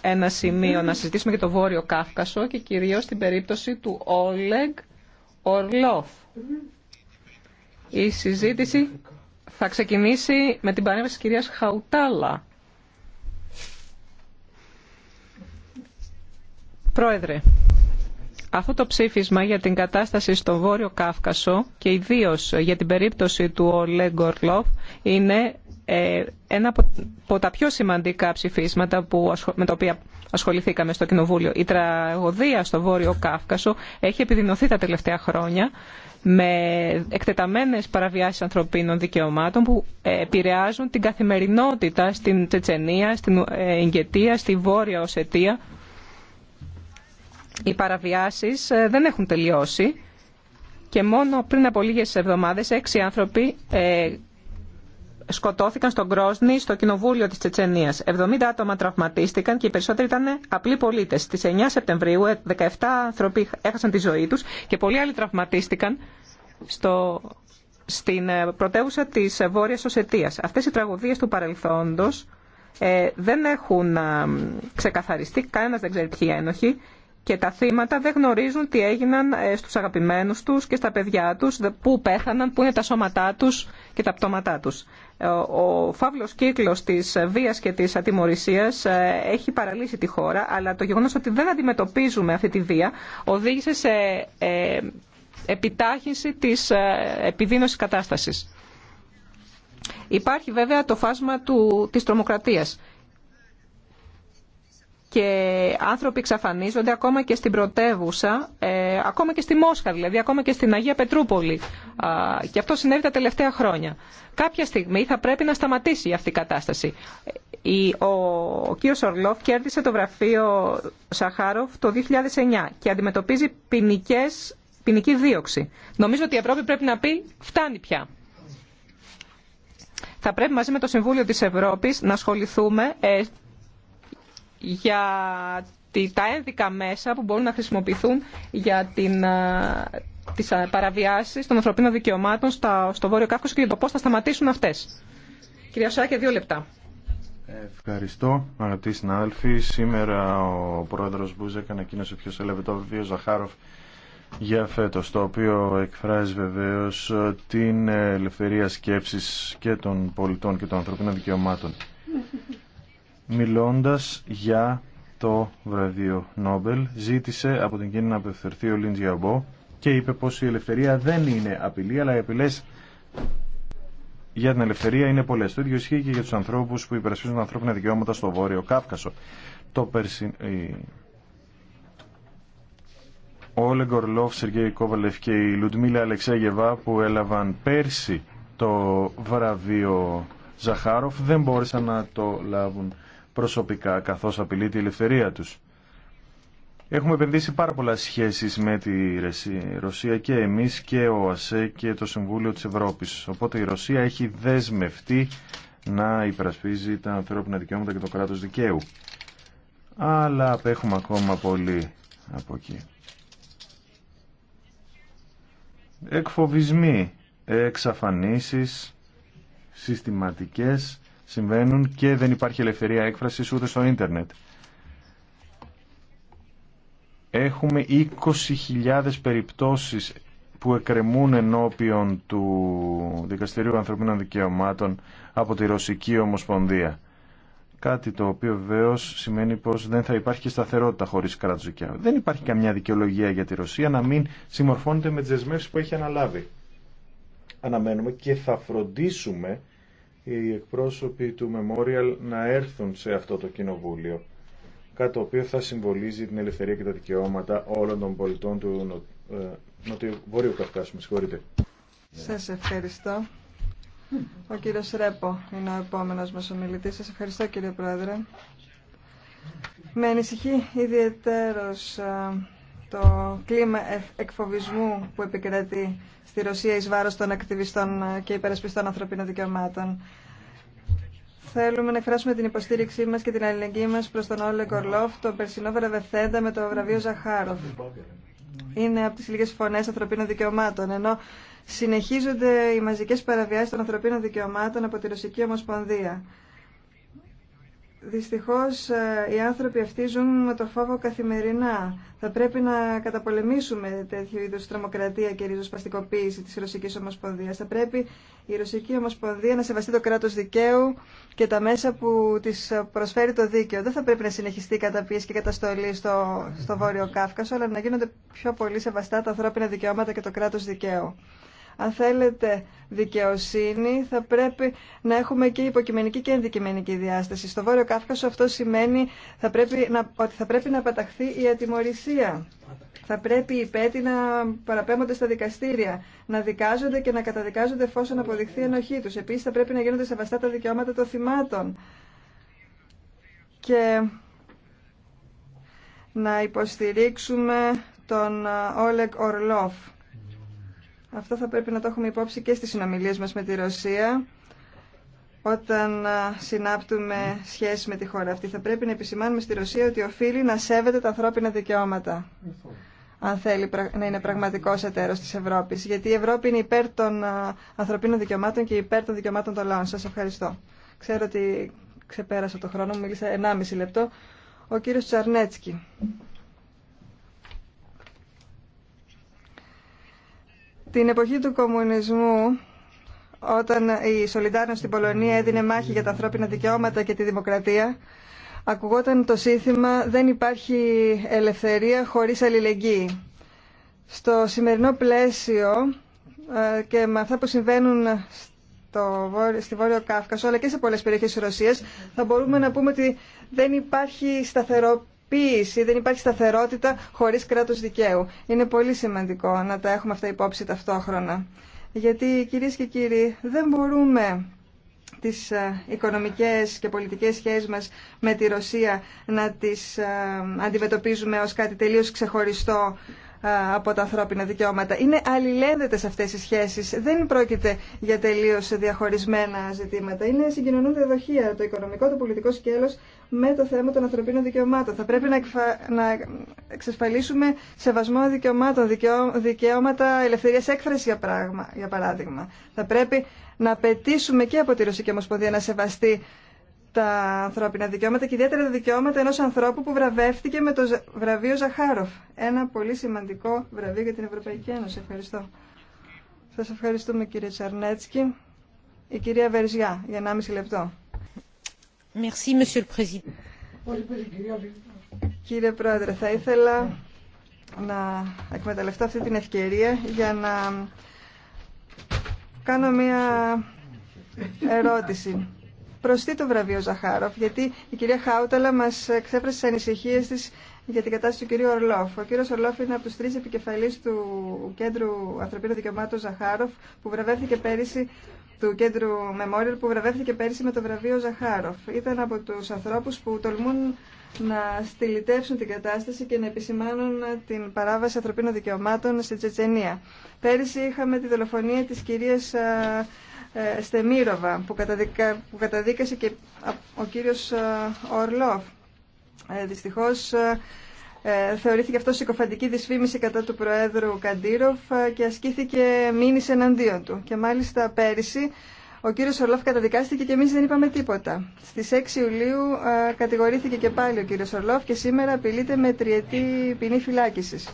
ένα σημείο να συζητήσουμε για το Βόρειο Κάφκασο και κυρίως την περίπτωση του Όλεγ Ορλόφ. Η συζήτηση θα ξεκινήσει με την παρέμβαση της κυρίας Χαουτάλα. Πρόεδρε, αυτό το ψήφισμα για την κατάσταση στο Βόρειο Κάφκασο και ιδίως για την περίπτωση του Όλεγ Ορλόφ είναι ε, ένα από τα πιο σημαντικά ψηφίσματα που, με τα οποία ασχοληθήκαμε στο Κοινοβούλιο. Η τραγωδία στο Βόρειο Κάφκασο έχει επιδεινωθεί τα τελευταία χρόνια με εκτεταμένες παραβιάσεις ανθρωπίνων δικαιωμάτων που ε, επηρεάζουν την καθημερινότητα στην Τσετσενία, στην ε, Ιγκετία, στη Βόρεια Οσετία. Οι παραβιάσεις δεν έχουν τελειώσει και μόνο πριν από λίγες εβδομάδες έξι άνθρωποι σκοτώθηκαν στον Κρόσνη, στο κοινοβούλιο της Τσετσενίας. 70 άτομα τραυματίστηκαν και οι περισσότεροι ήταν απλοί πολίτες. Στις 9 Σεπτεμβρίου 17 ε, άνθρωποι έχασαν τη ζωή τους και πολλοί άλλοι τραυματίστηκαν στο... στην ε, πρωτεύουσα της Βόρειας Οσετίας. Αυτές οι τραγωδίες του παρελθόντος ε, δεν έχουν ξεκαθαριστεί, κανένας δεν ξέρει ποιοι ένοχοι και τα θύματα δεν γνωρίζουν τι έγιναν στους αγαπημένους τους και στα παιδιά τους, πού πέθαναν, πού είναι τα σώματά τους και τα πτώματά τους. Ο φαύλος κύκλος της βίας και της ατιμορρησίας ε, έχει παραλύσει τη χώρα, αλλά το γεγονός ότι δεν αντιμετωπίζουμε αυτή τη βία οδήγησε σε ε, επιτάχυνση της ε, επιδείνωσης κατάστασης. Υπάρχει βέβαια το φάσμα του, της τρομοκρατίας και άνθρωποι εξαφανίζονται ακόμα και στην πρωτεύουσα, ε, ακόμα και στη Μόσχα δηλαδή, ακόμα και στην Αγία Πετρούπολη. και αυτό συνέβη τα τελευταία χρόνια. Κάποια στιγμή θα πρέπει να σταματήσει αυτή η κατάσταση. Ε, η, ο, ο κύριος Ορλόφ κέρδισε το βραφείο Σαχάροφ το 2009 και αντιμετωπίζει ποινικές, ποινική δίωξη. Νομίζω ότι η Ευρώπη πρέπει να πει φτάνει πια θα πρέπει μαζί με το Συμβούλιο της Ευρώπης να ασχοληθούμε ε, για τα ένδικα μέσα που μπορούν να χρησιμοποιηθούν για την, τις παραβιάσεις των ανθρωπίνων δικαιωμάτων στο Βόρειο Κάφκοσο και για το πώς θα σταματήσουν αυτές. Κυρία Σάκη, δύο λεπτά. Ευχαριστώ, αγαπητοί συνάδελφοι. Σήμερα ο πρόεδρος Μπούζεκ ανακοίνωσε ποιο έλαβε το βιβλίο Ζαχάροφ για φέτος, το οποίο εκφράζει βεβαίως την ε, ελευθερία σκέψης και των πολιτών και των ανθρωπίνων δικαιωμάτων μιλώντας για το βραβείο Νόμπελ, ζήτησε από την Κίνα να απευθερθεί ο Λίντζιαμπο και είπε πως η ελευθερία δεν είναι απειλή, αλλά οι απειλές για την ελευθερία είναι πολλές. Το ίδιο ισχύει και για τους ανθρώπους που υπερασπίζουν ανθρώπινα δικαιώματα στο Βόρειο Κάυκασο. Το περσι... Ο Λεγκορλόφ, Σεργέη Κόβαλεφ και η Λουτμίλα Αλεξέγεβα που έλαβαν πέρσι το βραβείο Ζαχάροφ δεν μπόρεσαν να το λάβουν προσωπικά καθώς απειλεί τη ελευθερία τους. Έχουμε επενδύσει πάρα πολλά σχέσεις με τη Ρωσία και εμείς και ο ΑΣΕ και το Συμβούλιο της Ευρώπης. Οπότε η Ρωσία έχει δεσμευτεί να υπερασπίζει τα ανθρώπινα δικαιώματα και το κράτος δικαίου. Αλλά απέχουμε ακόμα πολύ από εκεί. Εκφοβισμοί, εξαφανίσεις, συστηματικές συμβαίνουν και δεν υπάρχει ελευθερία έκφρασης ούτε στο ίντερνετ. Έχουμε 20.000 περιπτώσεις που εκκρεμούν ενώπιον του Δικαστηρίου Ανθρωπίνων Δικαιωμάτων από τη Ρωσική Ομοσπονδία. Κάτι το οποίο βεβαίω σημαίνει πω δεν θα υπάρχει και σταθερότητα χωρί κράτο δικαίου. Δεν υπάρχει καμιά δικαιολογία για τη Ρωσία να μην συμμορφώνεται με τι δεσμεύσει που έχει αναλάβει. Αναμένουμε και θα φροντίσουμε οι εκπρόσωποι του Memorial να έρθουν σε αυτό το κοινοβούλιο, κάτι το οποίο θα συμβολίζει την ελευθερία και τα δικαιώματα όλων των πολιτών του Νοτιοβόρειου ε, Βορείου Καυκάσου. Με συγχωρείτε. Σας ευχαριστώ. Ο κύριος Ρέπο είναι ο επόμενος μας ομιλητής. Σας ευχαριστώ κύριε Πρόεδρε. Με ανησυχεί ιδιαίτερος ε, το κλίμα εκφοβισμού που επικρατεί στη Ρωσία εις βάρος των ακτιβιστών και υπερασπιστών ανθρωπίνων δικαιωμάτων. Θέλουμε να εκφράσουμε την υποστήριξή μας και την αλληλεγγύη μας προς τον Όλε Κορλόφ, τον περσινό βραβευθέντα με το βραβείο Ζαχάροφ. Είναι από τις λίγες φωνές ανθρωπίνων δικαιωμάτων, ενώ συνεχίζονται οι μαζικές παραβιάσεις των ανθρωπίνων δικαιωμάτων από τη Ρωσική Ομοσπονδία. Δυστυχώς ε, οι άνθρωποι αυτοί ζουν με το φόβο καθημερινά. Θα πρέπει να καταπολεμήσουμε τέτοιου είδους τρομοκρατία και ριζοσπαστικοποίηση της Ρωσικής Ομοσπονδίας. Θα πρέπει η Ρωσική Ομοσπονδία να σεβαστεί το κράτος δικαίου και τα μέσα που της προσφέρει το δίκαιο. Δεν θα πρέπει να συνεχιστεί η καταπίεση και η καταστολή στο, στο Βόρειο Κάφκασο, αλλά να γίνονται πιο πολύ σεβαστά τα ανθρώπινα δικαιώματα και το κράτος δικαίου αν θέλετε δικαιοσύνη, θα πρέπει να έχουμε και υποκειμενική και ενδικειμενική διάσταση. Στο Βόρειο Κάφκασο αυτό σημαίνει θα πρέπει να, ότι θα πρέπει να παταχθεί η ατιμορρησία. Θα πρέπει οι πέτοι να παραπέμπονται στα δικαστήρια, να δικάζονται και να καταδικάζονται εφόσον αποδειχθεί η ενοχή τους. Επίσης θα πρέπει να γίνονται σεβαστά τα δικαιώματα των θυμάτων. Και να υποστηρίξουμε τον Όλεκ Ορλόφ αυτό θα πρέπει να το έχουμε υπόψη και στις συνομιλίες μας με τη Ρωσία όταν συνάπτουμε σχέσεις με τη χώρα αυτή. Θα πρέπει να επισημάνουμε στη Ρωσία ότι οφείλει να σέβεται τα ανθρώπινα δικαιώματα αν θέλει να είναι πραγματικός εταίρος της Ευρώπης. Γιατί η Ευρώπη είναι υπέρ των ανθρωπίνων δικαιωμάτων και υπέρ των δικαιωμάτων των λαών. Σας ευχαριστώ. Ξέρω ότι ξεπέρασα το χρόνο μου, μίλησα 1,5 λεπτό. Ο κύριος Τσαρνέτσκι. Την εποχή του κομμουνισμού, όταν η Σολιντάρνο στην Πολωνία έδινε μάχη για τα ανθρώπινα δικαιώματα και τη δημοκρατία, ακουγόταν το σύνθημα «Δεν υπάρχει ελευθερία χωρίς αλληλεγγύη». Στο σημερινό πλαίσιο ε, και με αυτά που συμβαίνουν στο, στη Βόρειο Κάφκασο αλλά και σε πολλές περιοχές της Ρωσίας θα μπορούμε να πούμε ότι δεν υπάρχει σταθερό ποιήση, δεν υπάρχει σταθερότητα χωρίς κράτος δικαίου. Είναι πολύ σημαντικό να τα έχουμε αυτά υπόψη ταυτόχρονα. Γιατί κυρίες και κύριοι δεν μπορούμε τις ε, οικονομικές και πολιτικές σχέσεις μας με τη Ρωσία να τις ε, αντιμετωπίζουμε ως κάτι τελείως ξεχωριστό από τα ανθρώπινα δικαιώματα. Είναι αλληλένδετες αυτές οι σχέσεις. Δεν πρόκειται για τελείως διαχωρισμένα ζητήματα. Είναι συγκοινωνούν δοχεία το οικονομικό, το πολιτικό σκέλος με το θέμα των ανθρωπίνων δικαιωμάτων. Θα πρέπει να, να εξασφαλίσουμε σεβασμό δικαιωμάτων, δικαιώματα ελευθερία έκφραση, για, πράγμα, για παράδειγμα. Θα πρέπει να απαιτήσουμε και από τη Ρωσική Ομοσπονδία να σεβαστεί τα ανθρώπινα δικαιώματα και ιδιαίτερα τα δικαιώματα ενός ανθρώπου που βραβεύτηκε με το βραβείο Ζαχάροφ. Ένα πολύ σημαντικό βραβείο για την Ευρωπαϊκή Ένωση. Ευχαριστώ. Σας ευχαριστούμε κύριε Τσαρνέτσκι. Η κυρία Βεριζιά, για 1,5 λεπτό. Merci, Monsieur le Κύριε Πρόεδρε, θα ήθελα να εκμεταλλευτώ αυτή την ευκαιρία για να κάνω μία ερώτηση προσθεί το βραβείο Ζαχάροφ, γιατί η κυρία Χάουταλα μα εξέφρασε τι ανησυχίε τη για την κατάσταση του κυρίου Ορλόφ. Ο κύριο Ορλόφ είναι από του τρει επικεφαλεί του Κέντρου Ανθρωπίνων Δικαιωμάτων Ζαχάροφ, που βραβεύθηκε πέρυσι του κέντρου Memorial που βραβεύθηκε πέρυσι με το βραβείο Ζαχάροφ. Ήταν από τους ανθρώπους που τολμούν να στυλιτεύσουν την κατάσταση και να επισημάνουν την παράβαση ανθρωπίνων δικαιωμάτων στην Τσετσενία. Πέρυσι είχαμε τη δολοφονία της κυρίας ε, Στεμίροβα που καταδίκασε και ο κύριος ε, Ορλόφ. Ε, δυστυχώς θεωρήθηκε αυτό συκοφαντική δυσφήμιση κατά του Προέδρου Καντήροφ και ασκήθηκε μήνυση εναντίον του. Και μάλιστα πέρυσι ο κύριος Ορλόφ καταδικάστηκε και εμείς δεν είπαμε τίποτα. Στις 6 Ιουλίου κατηγορήθηκε και πάλι ο κύριος Ορλόφ και σήμερα απειλείται με τριετή ποινή φυλάκισης.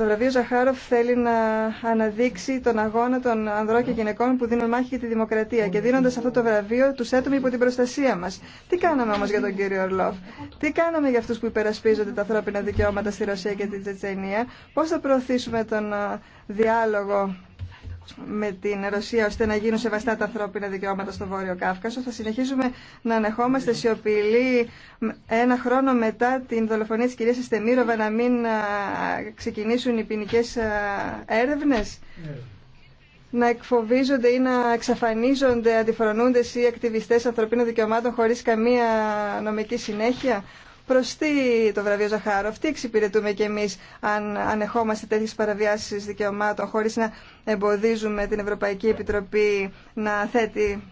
Το βραβείο Ζαχάροφ θέλει να αναδείξει τον αγώνα των ανδρών και γυναικών που δίνουν μάχη για τη δημοκρατία και δίνοντα αυτό το βραβείο του έτουμε υπό την προστασία μα. Τι κάναμε όμω για τον κύριο Ορλόφ, τι κάναμε για αυτού που υπερασπίζονται τα ανθρώπινα δικαιώματα στη Ρωσία και την Τσετσενία, πώ θα προωθήσουμε τον ε, διάλογο με την Ρωσία ώστε να γίνουν σεβαστά τα ανθρώπινα δικαιώματα στο Βόρειο Κάφκασο. Θα συνεχίσουμε να ανεχόμαστε σιωπηλοί ένα χρόνο μετά την δολοφονία της κυρίας Στεμίροβα να μην ξεκινήσουν οι ποινικέ έρευνες. Ναι. Να εκφοβίζονται ή να εξαφανίζονται αντιφρονούντες ή ακτιβιστές ανθρωπίνων δικαιωμάτων χωρίς καμία νομική συνέχεια προς τι το βραβείο Ζαχάροφ, τι εξυπηρετούμε κι εμείς αν ανεχόμαστε τέτοιες παραβιάσεις δικαιωμάτων χωρίς να εμποδίζουμε την Ευρωπαϊκή Επιτροπή να θέτει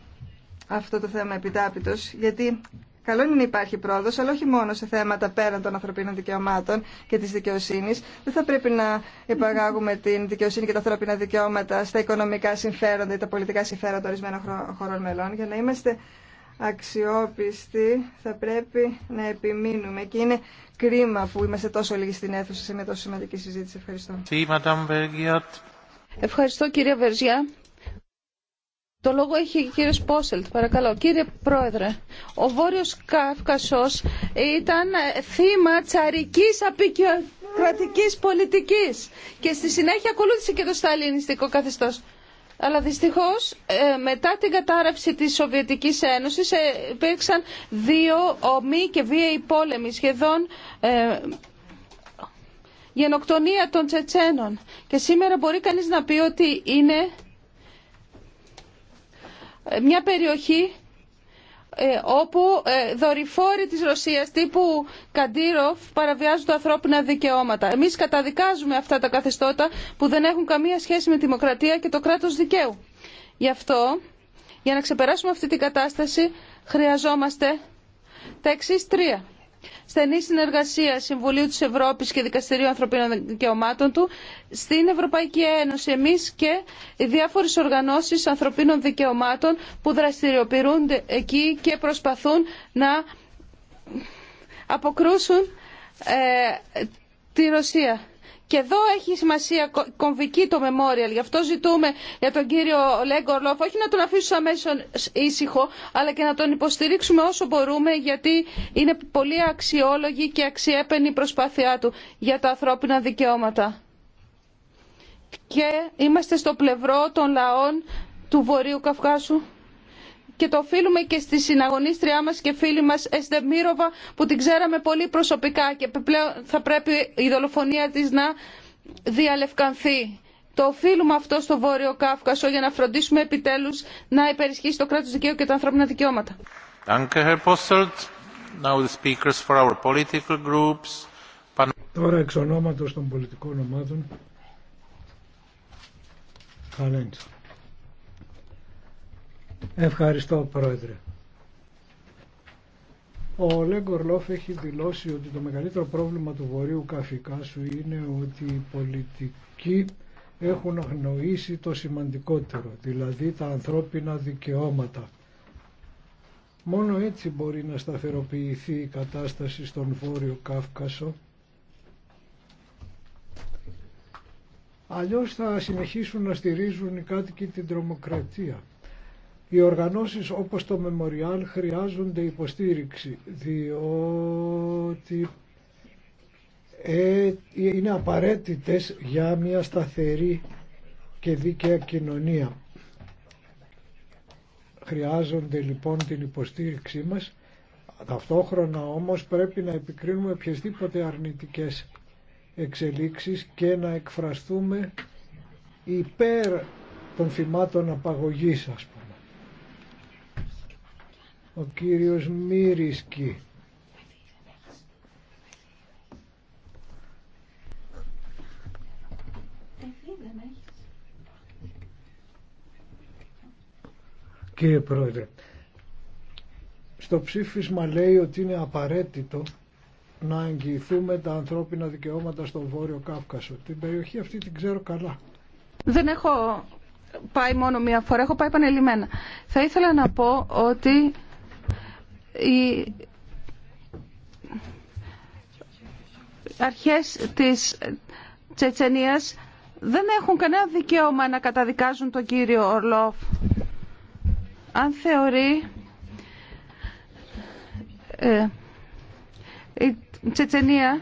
αυτό το θέμα επιτάπητος, γιατί Καλό είναι να υπάρχει πρόοδο, αλλά όχι μόνο σε θέματα πέραν των ανθρωπίνων δικαιωμάτων και τη δικαιοσύνη. Δεν θα πρέπει να υπαγάγουμε την δικαιοσύνη και τα ανθρώπινα δικαιώματα στα οικονομικά συμφέροντα ή τα πολιτικά συμφέροντα ορισμένων χωρών μελών, για να είμαστε αξιόπιστοι θα πρέπει να επιμείνουμε και είναι κρίμα που είμαστε τόσο λίγοι στην αίθουσα σε μια τόσο σημαντική συζήτηση. Ευχαριστώ. Ευχαριστώ κύριε Βερζιά. Το λόγο έχει ο κύριος Πόσελτ, παρακαλώ. Κύριε Πρόεδρε, ο Βόρειος Κάφκασος ήταν θύμα τσαρικής απεικιοκρατικής πολιτικής και στη συνέχεια ακολούθησε και το σταλινιστικό καθεστώς αλλά δυστυχώς ε, μετά την κατάρρευση της Σοβιετικής Ένωσης ε, υπήρξαν δύο ομοί και βίαιοι πόλεμοι σχεδόν ε, γενοκτονία των Τσετσένων και σήμερα μπορεί κανείς να πει ότι είναι μια περιοχή ε, όπου ε, δορυφόροι της Ρωσίας τύπου Καντήροφ παραβιάζουν τα ανθρώπινα δικαιώματα. Εμείς καταδικάζουμε αυτά τα καθεστώτα που δεν έχουν καμία σχέση με τη δημοκρατία και το κράτος δικαίου. Γι' αυτό, για να ξεπεράσουμε αυτή την κατάσταση, χρειαζόμαστε τα εξή τρία στενή συνεργασία Συμβουλίου της Ευρώπης και Δικαστηρίου Ανθρωπίνων Δικαιωμάτων του στην Ευρωπαϊκή Ένωση εμείς και οι διάφορες οργανώσεις ανθρωπίνων δικαιωμάτων που δραστηριοποιούνται εκεί και προσπαθούν να αποκρούσουν ε, τη Ρωσία. Και εδώ έχει σημασία κομβική το memorial. Γι' αυτό ζητούμε για τον κύριο Λέγκορλοφ όχι να τον αφήσουμε αμέσω ήσυχο, αλλά και να τον υποστηρίξουμε όσο μπορούμε, γιατί είναι πολύ αξιόλογη και αξιέπαινη η προσπάθειά του για τα ανθρώπινα δικαιώματα. Και είμαστε στο πλευρό των λαών του Βορείου Καυκάσου και το οφείλουμε και στη συναγωνίστριά μας και φίλη μας Εσδεμίροβα που την ξέραμε πολύ προσωπικά και πλέον θα πρέπει η δολοφονία της να διαλευκανθεί. Το οφείλουμε αυτό στο Βόρειο Κάφκασο για να φροντίσουμε επιτέλους να υπερισχύσει το κράτος δικαίου και τα ανθρώπινα δικαιώματα. Τώρα εξ ονόματος των πολιτικών ομάδων, Ευχαριστώ Πρόεδρε. Ο Λέγκορ Λόφ έχει δηλώσει ότι το μεγαλύτερο πρόβλημα του Βορείου Καφικάσου είναι ότι οι πολιτικοί έχουν αγνοήσει το σημαντικότερο, δηλαδή τα ανθρώπινα δικαιώματα. Μόνο έτσι μπορεί να σταθεροποιηθεί η κατάσταση στον Βόρειο Κάφκασο. Αλλιώς θα συνεχίσουν να στηρίζουν οι κάτοικοι την τρομοκρατία. Οι οργανώσεις όπως το Μεμοριάλ χρειάζονται υποστήριξη διότι ε, είναι απαραίτητες για μια σταθερή και δίκαια κοινωνία. Χρειάζονται λοιπόν την υποστήριξή μας. Ταυτόχρονα όμως πρέπει να επικρίνουμε οποιασδήποτε αρνητικές εξελίξεις και να εκφραστούμε υπέρ των θυμάτων απαγωγής ας ο κύριος Μύρισκη. Κύριε Πρόεδρε, στο ψήφισμα λέει ότι είναι απαραίτητο να εγγυηθούμε τα ανθρώπινα δικαιώματα στο Βόρειο Κάυκασο. Την περιοχή αυτή την ξέρω καλά. Δεν έχω πάει μόνο μία φορά, έχω πάει πανελειμμένα. Θα ήθελα να πω ότι οι αρχές της Τσετσενίας δεν έχουν κανένα δικαίωμα να καταδικάζουν τον κύριο Ορλόφ. Αν θεωρεί ε, η Τσετσενία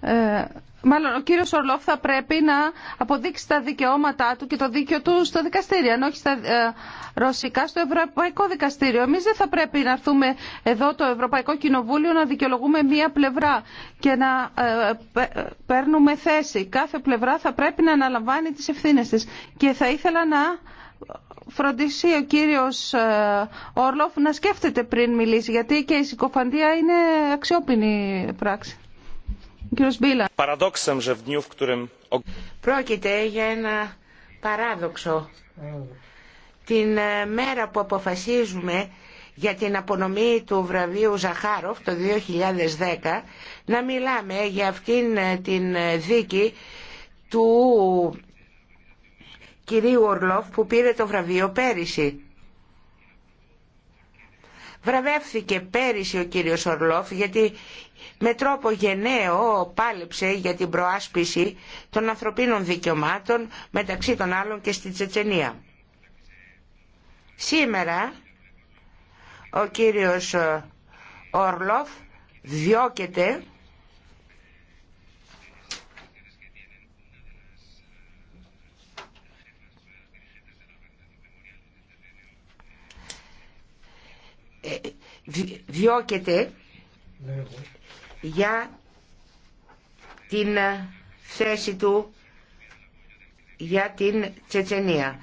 ε, Μάλλον ο κύριος Ορλόφ θα πρέπει να αποδείξει τα δικαιώματά του και το δίκαιο του στο δικαστήριο, αν όχι στα ε, ρωσικά, στο Ευρωπαϊκό Δικαστήριο. Εμείς δεν θα πρέπει να έρθουμε εδώ το Ευρωπαϊκό Κοινοβούλιο να δικαιολογούμε μία πλευρά και να ε, ε, παίρνουμε θέση. Κάθε πλευρά θα πρέπει να αναλαμβάνει τις ευθύνες της. Και θα ήθελα να φροντίσει ο κύριος Ορλόφ να σκέφτεται πριν μιλήσει, γιατί και η συκοφαντία είναι αξιόπινη πράξη. Πρόκειται για ένα παράδοξο. Την ε, μέρα που αποφασίζουμε για την απονομή του βραβείου Ζαχάροφ το 2010 να μιλάμε για αυτήν ε, την ε, δίκη του κυρίου Ορλόφ που πήρε το βραβείο πέρυσι. Βραβεύθηκε πέρυσι ο κύριος Ορλόφ γιατί με τρόπο γενναίο πάλεψε για την προάσπιση των ανθρωπίνων δικαιωμάτων μεταξύ των άλλων και στη Τσετσενία. Σήμερα ο κύριος ε, Ορλόφ διώκεται διώκεται για την ε, θέση του για την Τσετσενία.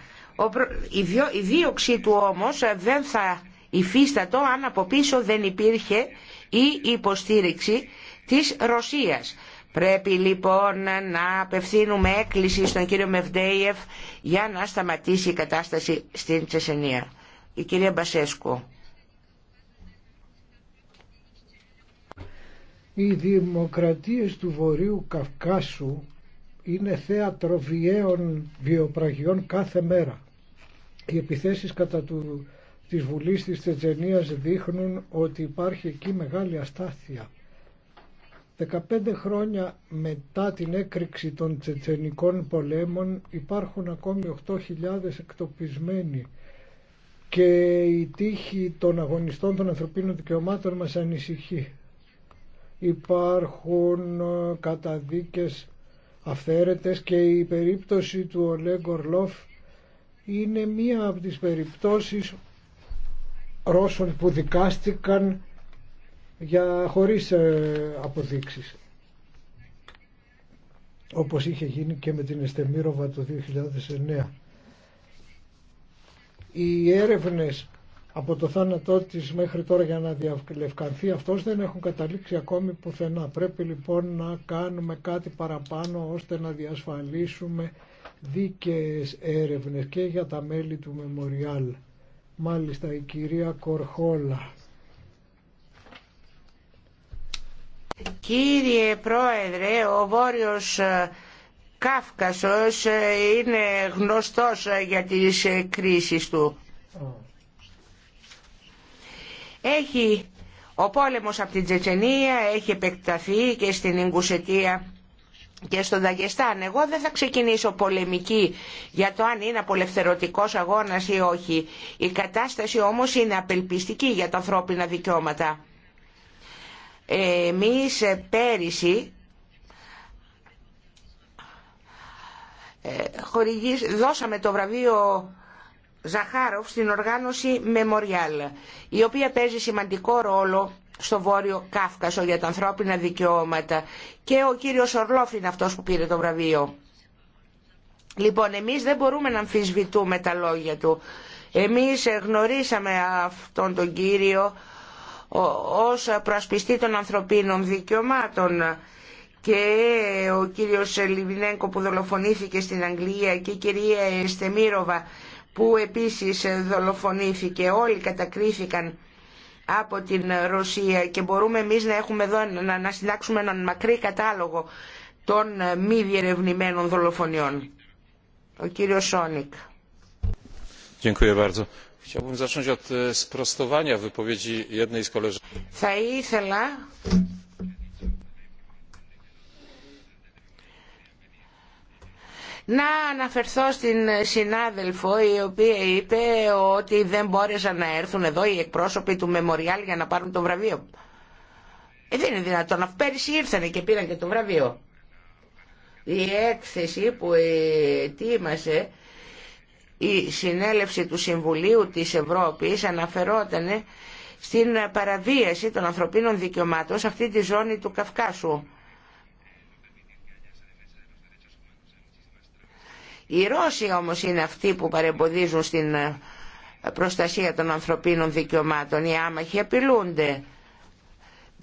Η δίωξή του όμως ε, δεν θα υφίστατο αν από πίσω δεν υπήρχε η υποστήριξη της Ρωσίας. Πρέπει λοιπόν να απευθύνουμε έκκληση στον κύριο Μευδέιεφ για να σταματήσει η κατάσταση στην Τσεσενία. Η κυρία Μπασέσκου. Οι δημοκρατίες του Βορείου Καυκάσου είναι θέατρο βιαίων βιοπραγιών κάθε μέρα. Οι επιθέσεις κατά του, της Βουλής της δείχνουν ότι υπάρχει εκεί μεγάλη αστάθεια. 15 χρόνια μετά την έκρηξη των τσετσενικών πολέμων υπάρχουν ακόμη 8.000 εκτοπισμένοι και η τύχη των αγωνιστών των ανθρωπίνων δικαιωμάτων μας ανησυχεί υπάρχουν ε, καταδίκες αυθαίρετες και η περίπτωση του Ολέγκ Ορλόφ είναι μία από τις περιπτώσεις Ρώσων που δικάστηκαν για χωρίς ε, αποδείξεις όπως είχε γίνει και με την Εστεμίροβα το 2009. Οι έρευνες από το θάνατό της μέχρι τώρα για να διαβλευκανθεί αυτός δεν έχουν καταλήξει ακόμη πουθενά. Πρέπει λοιπόν να κάνουμε κάτι παραπάνω ώστε να διασφαλίσουμε δίκαιες έρευνες και για τα μέλη του Μεμοριάλ. Μάλιστα η κυρία Κορχόλα. Κύριε Πρόεδρε, ο Βόρειος ε, Κάφκασος ε, είναι γνωστός ε, για τις κρίσεις του. Έχει ο πόλεμος από την Τσετσενία, έχει επεκταθεί και στην Ιγκουσετία και στον Δαγεστάν. Εγώ δεν θα ξεκινήσω πολεμική για το αν είναι απολευθερωτικός αγώνας ή όχι. Η κατάσταση όμως είναι απελπιστική για τα ανθρώπινα δικαιώματα. Εμείς πέρυσι ε, δώσαμε το βραβείο Ζαχάροφ στην οργάνωση Memorial, η οποία παίζει σημαντικό ρόλο στο Βόρειο Κάφκασο για τα ανθρώπινα δικαιώματα και ο κύριος Ορλόφ είναι αυτός που πήρε το βραβείο. Λοιπόν, εμείς δεν μπορούμε να αμφισβητούμε τα λόγια του. Εμείς γνωρίσαμε αυτόν τον κύριο ως προασπιστή των ανθρωπίνων δικαιωμάτων και ο κύριος Λιβινέγκο που δολοφονήθηκε στην Αγγλία και η κυρία Στεμίροβα που επίσης δολοφονήθηκε, όλοι κατακρίθηκαν από την Ρωσία και μπορούμε εμείς να, έχουμε εδώ, να συντάξουμε έναν μακρύ κατάλογο των μη διερευνημένων δολοφονιών. Ο κύριος Σόνικ. Θα ήθελα Να αναφερθώ στην συνάδελφο η οποία είπε ότι δεν μπόρεσαν να έρθουν εδώ οι εκπρόσωποι του Μεμοριάλ για να πάρουν το βραβείο. Ε, δεν είναι δυνατόν. Πέρυσι ήρθανε και πήραν και το βραβείο. Η έκθεση που ετοίμασε η συνέλευση του Συμβουλίου της Ευρώπης αναφερόταν στην παραβίαση των ανθρωπίνων δικαιωμάτων σε αυτή τη ζώνη του Καυκάσου. Οι Ρώσοι όμως είναι αυτοί που παρεμποδίζουν στην ε, προστασία των ανθρωπίνων δικαιωμάτων. Οι άμαχοι απειλούνται.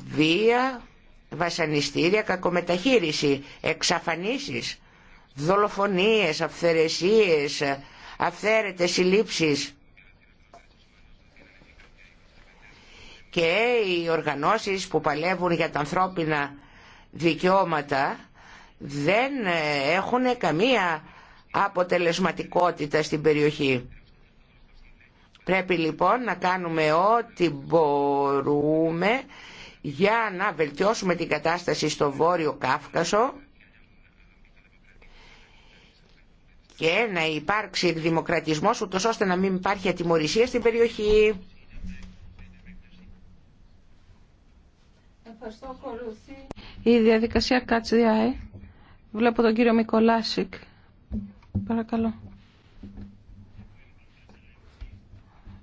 Βία, βασανιστήρια, κακομεταχείριση, εξαφανίσεις, δολοφονίες, αυθαιρεσίες, αυθαίρετες συλλήψεις. Και οι οργανώσεις που παλεύουν για τα ανθρώπινα δικαιώματα δεν ε, έχουν καμία αποτελεσματικότητα στην περιοχή. Πρέπει λοιπόν να κάνουμε ό,τι μπορούμε για να βελτιώσουμε την κατάσταση στο Βόρειο Κάφκασο και να υπάρξει δημοκρατισμός ούτως ώστε να μην υπάρχει ατιμορρησία στην περιοχή. Η διαδικασία ΚΑΤΣΔΙΑΕ. Βλέπω τον κύριο Μικολάσικ. Παρακαλώ.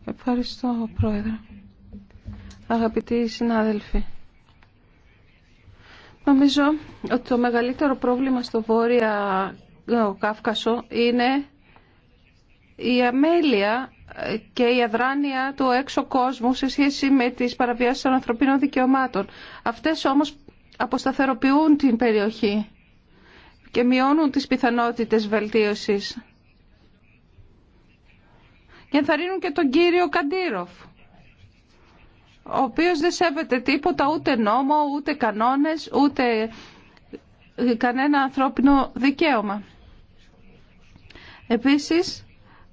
Ευχαριστώ, Πρόεδρε. Αγαπητοί συνάδελφοι. Νομίζω ότι το μεγαλύτερο πρόβλημα στο Βόρεια Κάφκασο είναι η αμέλεια και η αδράνεια του έξω κόσμου σε σχέση με τις παραβιάσεις των ανθρωπίνων δικαιωμάτων. Αυτές όμως αποσταθεροποιούν την περιοχή και μειώνουν τις πιθανότητες βελτίωσης. Και ενθαρρύνουν και τον κύριο Καντήροφ, ο οποίος δεν σέβεται τίποτα ούτε νόμο, ούτε κανόνες, ούτε κανένα ανθρώπινο δικαίωμα. Επίσης,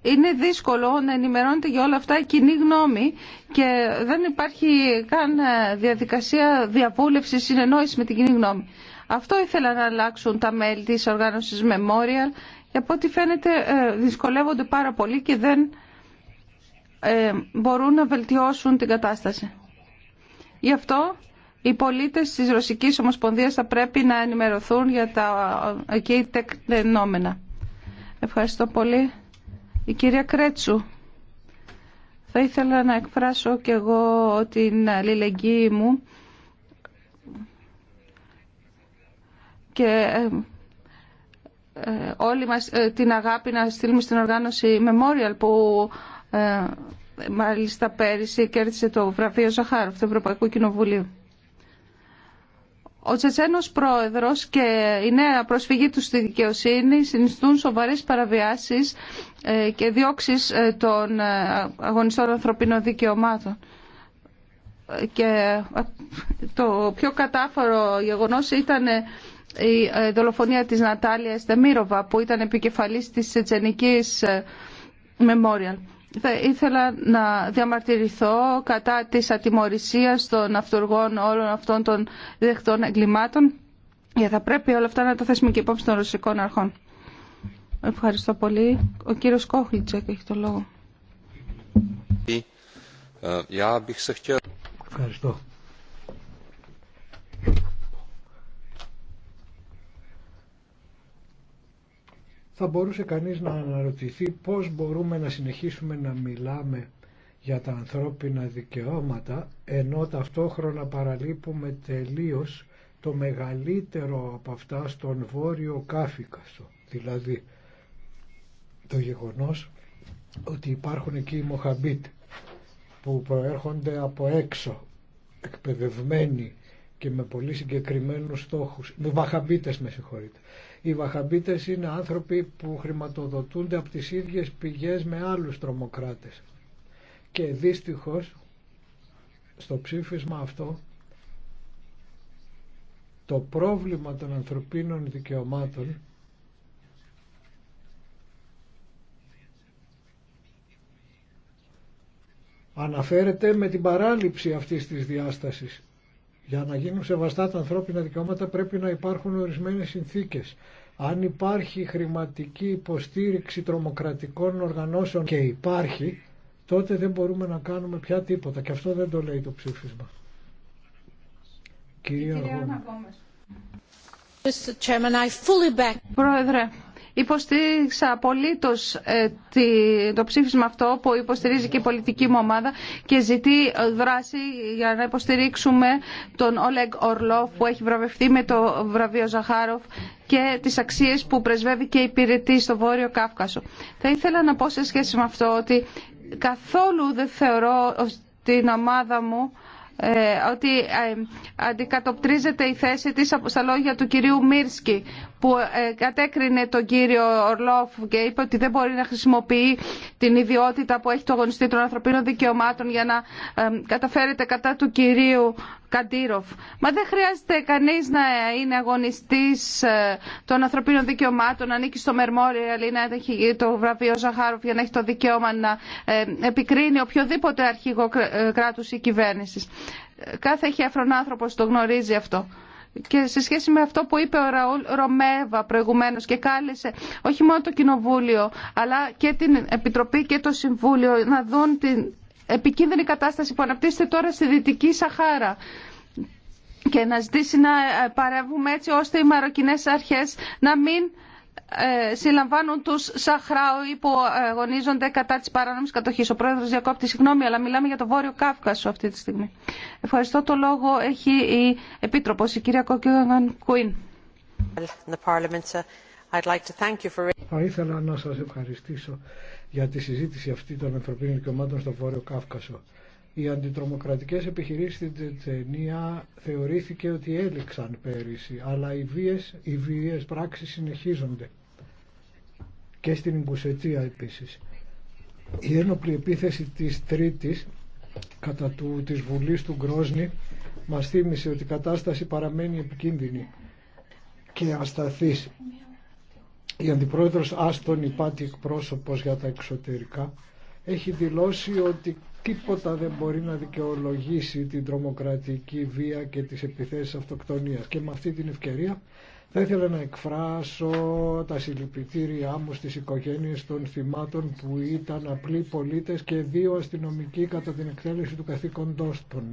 είναι δύσκολο να ενημερώνεται για όλα αυτά η κοινή γνώμη και δεν υπάρχει καν διαδικασία διαβούλευση συνεννόησης με την κοινή γνώμη. Αυτό ήθελα να αλλάξουν τα μέλη της οργάνωσης Memorial και από ό,τι φαίνεται ε, δυσκολεύονται πάρα πολύ και δεν ε, μπορούν να βελτιώσουν την κατάσταση. Γι' αυτό οι πολίτες της Ρωσικής Ομοσπονδίας θα πρέπει να ενημερωθούν για τα εκεί τεκτενόμενα. Ευχαριστώ πολύ. Η κυρία Κρέτσου. Θα ήθελα να εκφράσω και εγώ την αλληλεγγύη μου και ε, ε, όλη μας ε, την αγάπη να στείλουμε στην οργάνωση Memorial που μάλιστα πέρυσι κέρδισε το βραβείο Ζαχάροφ του Ευρωπαϊκού Κοινοβουλίου. Ο Τσετσένος πρόεδρος και η νέα προσφυγή του στη δικαιοσύνη συνιστούν σοβαρές παραβιάσεις και διώξεις των αγωνιστών ανθρωπίνων δικαιωμάτων. Και το πιο κατάφορο γεγονός ήταν η δολοφονία της Νατάλια Στεμίροβα που ήταν επικεφαλής της Τσετσενικής Memorial. Θα ήθελα να διαμαρτυρηθώ κατά της ατιμορρησίας των αυτοργών όλων αυτών των δεχτών εγκλημάτων γιατί θα πρέπει όλα αυτά να τα θέσουμε και υπόψη των ρωσικών αρχών. Ευχαριστώ πολύ. Ο κύριος Κόχλιτσεκ έχει το λόγο. Ευχαριστώ. θα μπορούσε κανείς να αναρωτηθεί πώς μπορούμε να συνεχίσουμε να μιλάμε για τα ανθρώπινα δικαιώματα ενώ ταυτόχρονα παραλείπουμε τελείως το μεγαλύτερο από αυτά στον Βόρειο Κάφικαστο. Δηλαδή το γεγονός ότι υπάρχουν εκεί οι Μοχαμπίτ που προέρχονται από έξω εκπαιδευμένοι και με πολύ συγκεκριμένους στόχους, με με συγχωρείτε, οι Βαχαμπίτες είναι άνθρωποι που χρηματοδοτούνται από τις ίδιες πηγές με άλλους τρομοκράτες. Και δυστυχώς στο ψήφισμα αυτό το πρόβλημα των ανθρωπίνων δικαιωμάτων αναφέρεται με την παράληψη αυτής της διάστασης. Για να γίνουν σεβαστά τα ανθρώπινα δικαιώματα πρέπει να υπάρχουν ορισμένες συνθήκες. Αν υπάρχει χρηματική υποστήριξη τρομοκρατικών οργανώσεων και υπάρχει, τότε δεν μπορούμε να κάνουμε πια τίποτα. Και αυτό δεν το λέει το ψήφισμα. Υποστήριξα απολύτω ε, το ψήφισμα αυτό που υποστηρίζει και η πολιτική μου ομάδα και ζητεί ε, δράση για να υποστηρίξουμε τον Ολέγ Ορλόφ που έχει βραβευτεί με το βραβείο Ζαχάροφ και τι αξίε που πρεσβεύει και υπηρετεί στο Βόρειο Κάφκασο. Θα ήθελα να πω σε σχέση με αυτό ότι καθόλου δεν θεωρώ την ομάδα μου ε, ότι ε, αντικατοπτρίζεται η θέση της στα λόγια του κυρίου Μίρσκι που ε, κατέκρινε τον κύριο Ορλόφ και είπε ότι δεν μπορεί να χρησιμοποιεί την ιδιότητα που έχει το αγωνιστή των ανθρωπίνων δικαιωμάτων για να καταφέρεται κατά του κυρίου Καντήροφ. Μα δεν χρειάζεται κανείς να είναι αγωνιστής των ανθρωπίνων δικαιωμάτων, να ανήκει στο Μερμόριο ή να έχει το βραβείο Ζαχάροφ για να έχει το δικαίωμα να επικρίνει οποιοδήποτε αρχηγό κράτους ή κυβέρνησης. Κάθε χέφρον άνθρωπος το γνωρίζει αυτό. Και σε σχέση με αυτό που είπε ο Ραούλ Ρωμέβα προηγουμένως και κάλεσε όχι μόνο το Κοινοβούλιο αλλά και την Επιτροπή και το Συμβούλιο να δουν την επικίνδυνη κατάσταση που αναπτύσσεται τώρα στη Δυτική Σαχάρα και να ζητήσει να παρεύουμε έτσι ώστε οι μαροκινές αρχές να μην ε, συλλαμβάνουν τους ή που ε, αγωνίζονται κατά της παράνομης κατοχής. Ο πρόεδρος διακόπτει συγγνώμη, αλλά μιλάμε για το Βόρειο Κάφκασο αυτή τη στιγμή. Ευχαριστώ. Το λόγο έχει η Επίτροπος, η κυρία Κόκκιγαν Κουίν. Uh, Θα ήθελα να σας ευχαριστήσω για τη συζήτηση αυτή των ανθρωπίνων δικαιωμάτων στο Βόρειο Κάφκασο. Οι αντιτρομοκρατικές επιχειρήσεις στην Τσετσενία θεωρήθηκε ότι έληξαν πέρυσι, αλλά οι βίες, οι βίες πράξεις συνεχίζονται και στην Ιγκουσετσία επίσης. Η ένοπλη επίθεση της Τρίτης κατά του, της Βουλής του Γκρόσνη μας θύμισε ότι η κατάσταση παραμένει επικίνδυνη και ασταθής. Η Αντιπρόεδρος Άστον, η εκπρόσωπος για τα εξωτερικά, έχει δηλώσει ότι Τίποτα δεν μπορεί να δικαιολογήσει την τρομοκρατική βία και τις επιθέσεις αυτοκτονίας. Και με αυτή την ευκαιρία θα ήθελα να εκφράσω τα συλληπιτήριά μου στις οικογένειες των θυμάτων που ήταν απλοί πολίτες και δύο αστυνομικοί κατά την εκτέλεση του καθήκοντός των.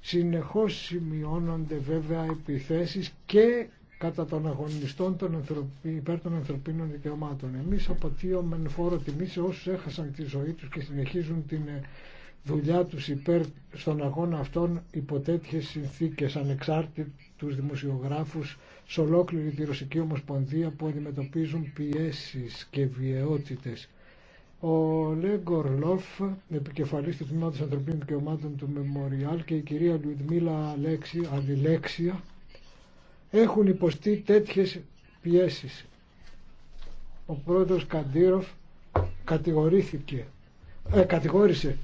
Συνεχώς σημειώνονται βέβαια επιθέσεις και κατά των αγωνιστών των ανθρωπι... υπέρ των ανθρωπίνων δικαιωμάτων. Εμεί αποτείωμε φόρο τιμή σε όσους έχασαν τη ζωή του και συνεχίζουν την ε, δουλειά του υπέρ στον αγώνα αυτών υπό τέτοιε συνθήκε ανεξάρτητους δημοσιογράφους σε ολόκληρη τη Ρωσική Ομοσπονδία που αντιμετωπίζουν πιέσει και βιαιότητε. Ο Λέγκορ Λόφ, επικεφαλή του Τμήματο Ανθρωπίνων Δικαιωμάτων του Μεμοριάλ και η κυρία Λουιτμίλα Αλέξη, Αδιλέξια, έχουν υποστεί τέτοιες πιέσεις. Ο πρόεδρος Καντήροφ κατηγορήθηκε, ε, κατηγόρησε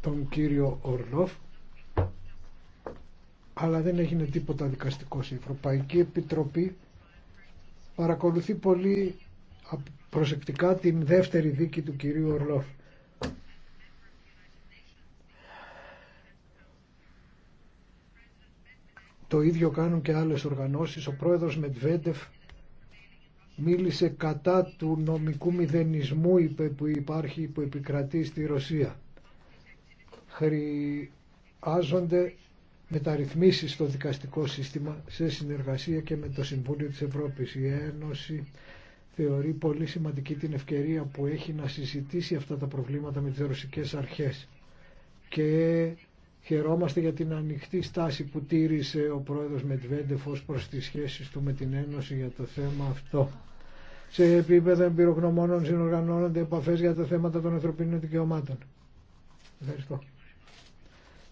τον κύριο Ορλόφ αλλά δεν έγινε τίποτα δικαστικό. Η Ευρωπαϊκή Επιτροπή παρακολουθεί πολύ προσεκτικά την δεύτερη δίκη του κυρίου Ορλόφ. Το ίδιο κάνουν και άλλες οργανώσεις. Ο πρόεδρος Μετβέντεφ μίλησε κατά του νομικού μηδενισμού που υπάρχει, που επικρατεί στη Ρωσία. Χρειάζονται μεταρρυθμίσεις στο δικαστικό σύστημα σε συνεργασία και με το Συμβούλιο της Ευρώπης. Η Ένωση θεωρεί πολύ σημαντική την ευκαιρία που έχει να συζητήσει αυτά τα προβλήματα με τις ρωσικές αρχές και Χαιρόμαστε για την ανοιχτή στάση που τήρησε ο πρόεδρος Μετβέντεφ ως προς τις σχέσεις του με την Ένωση για το θέμα αυτό. Σε επίπεδο εμπειρογνωμόνων συνοργανώνονται επαφές για τα θέματα των ανθρωπίνων δικαιωμάτων. Ευχαριστώ.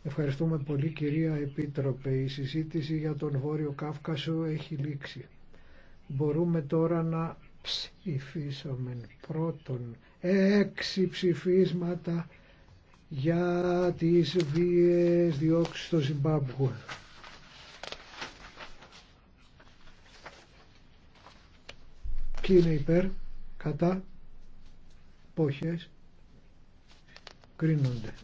Ευχαριστούμε πολύ κυρία Επίτροπε. Η συζήτηση για τον Βόρειο Κάυκασο έχει λήξει. Μπορούμε τώρα να ψηφίσουμε πρώτον έξι ψηφίσματα για τις βίες διώξεις στο Ζιμπάμπου. Ποιοι είναι υπέρ, κατά, πόχες, κρίνονται.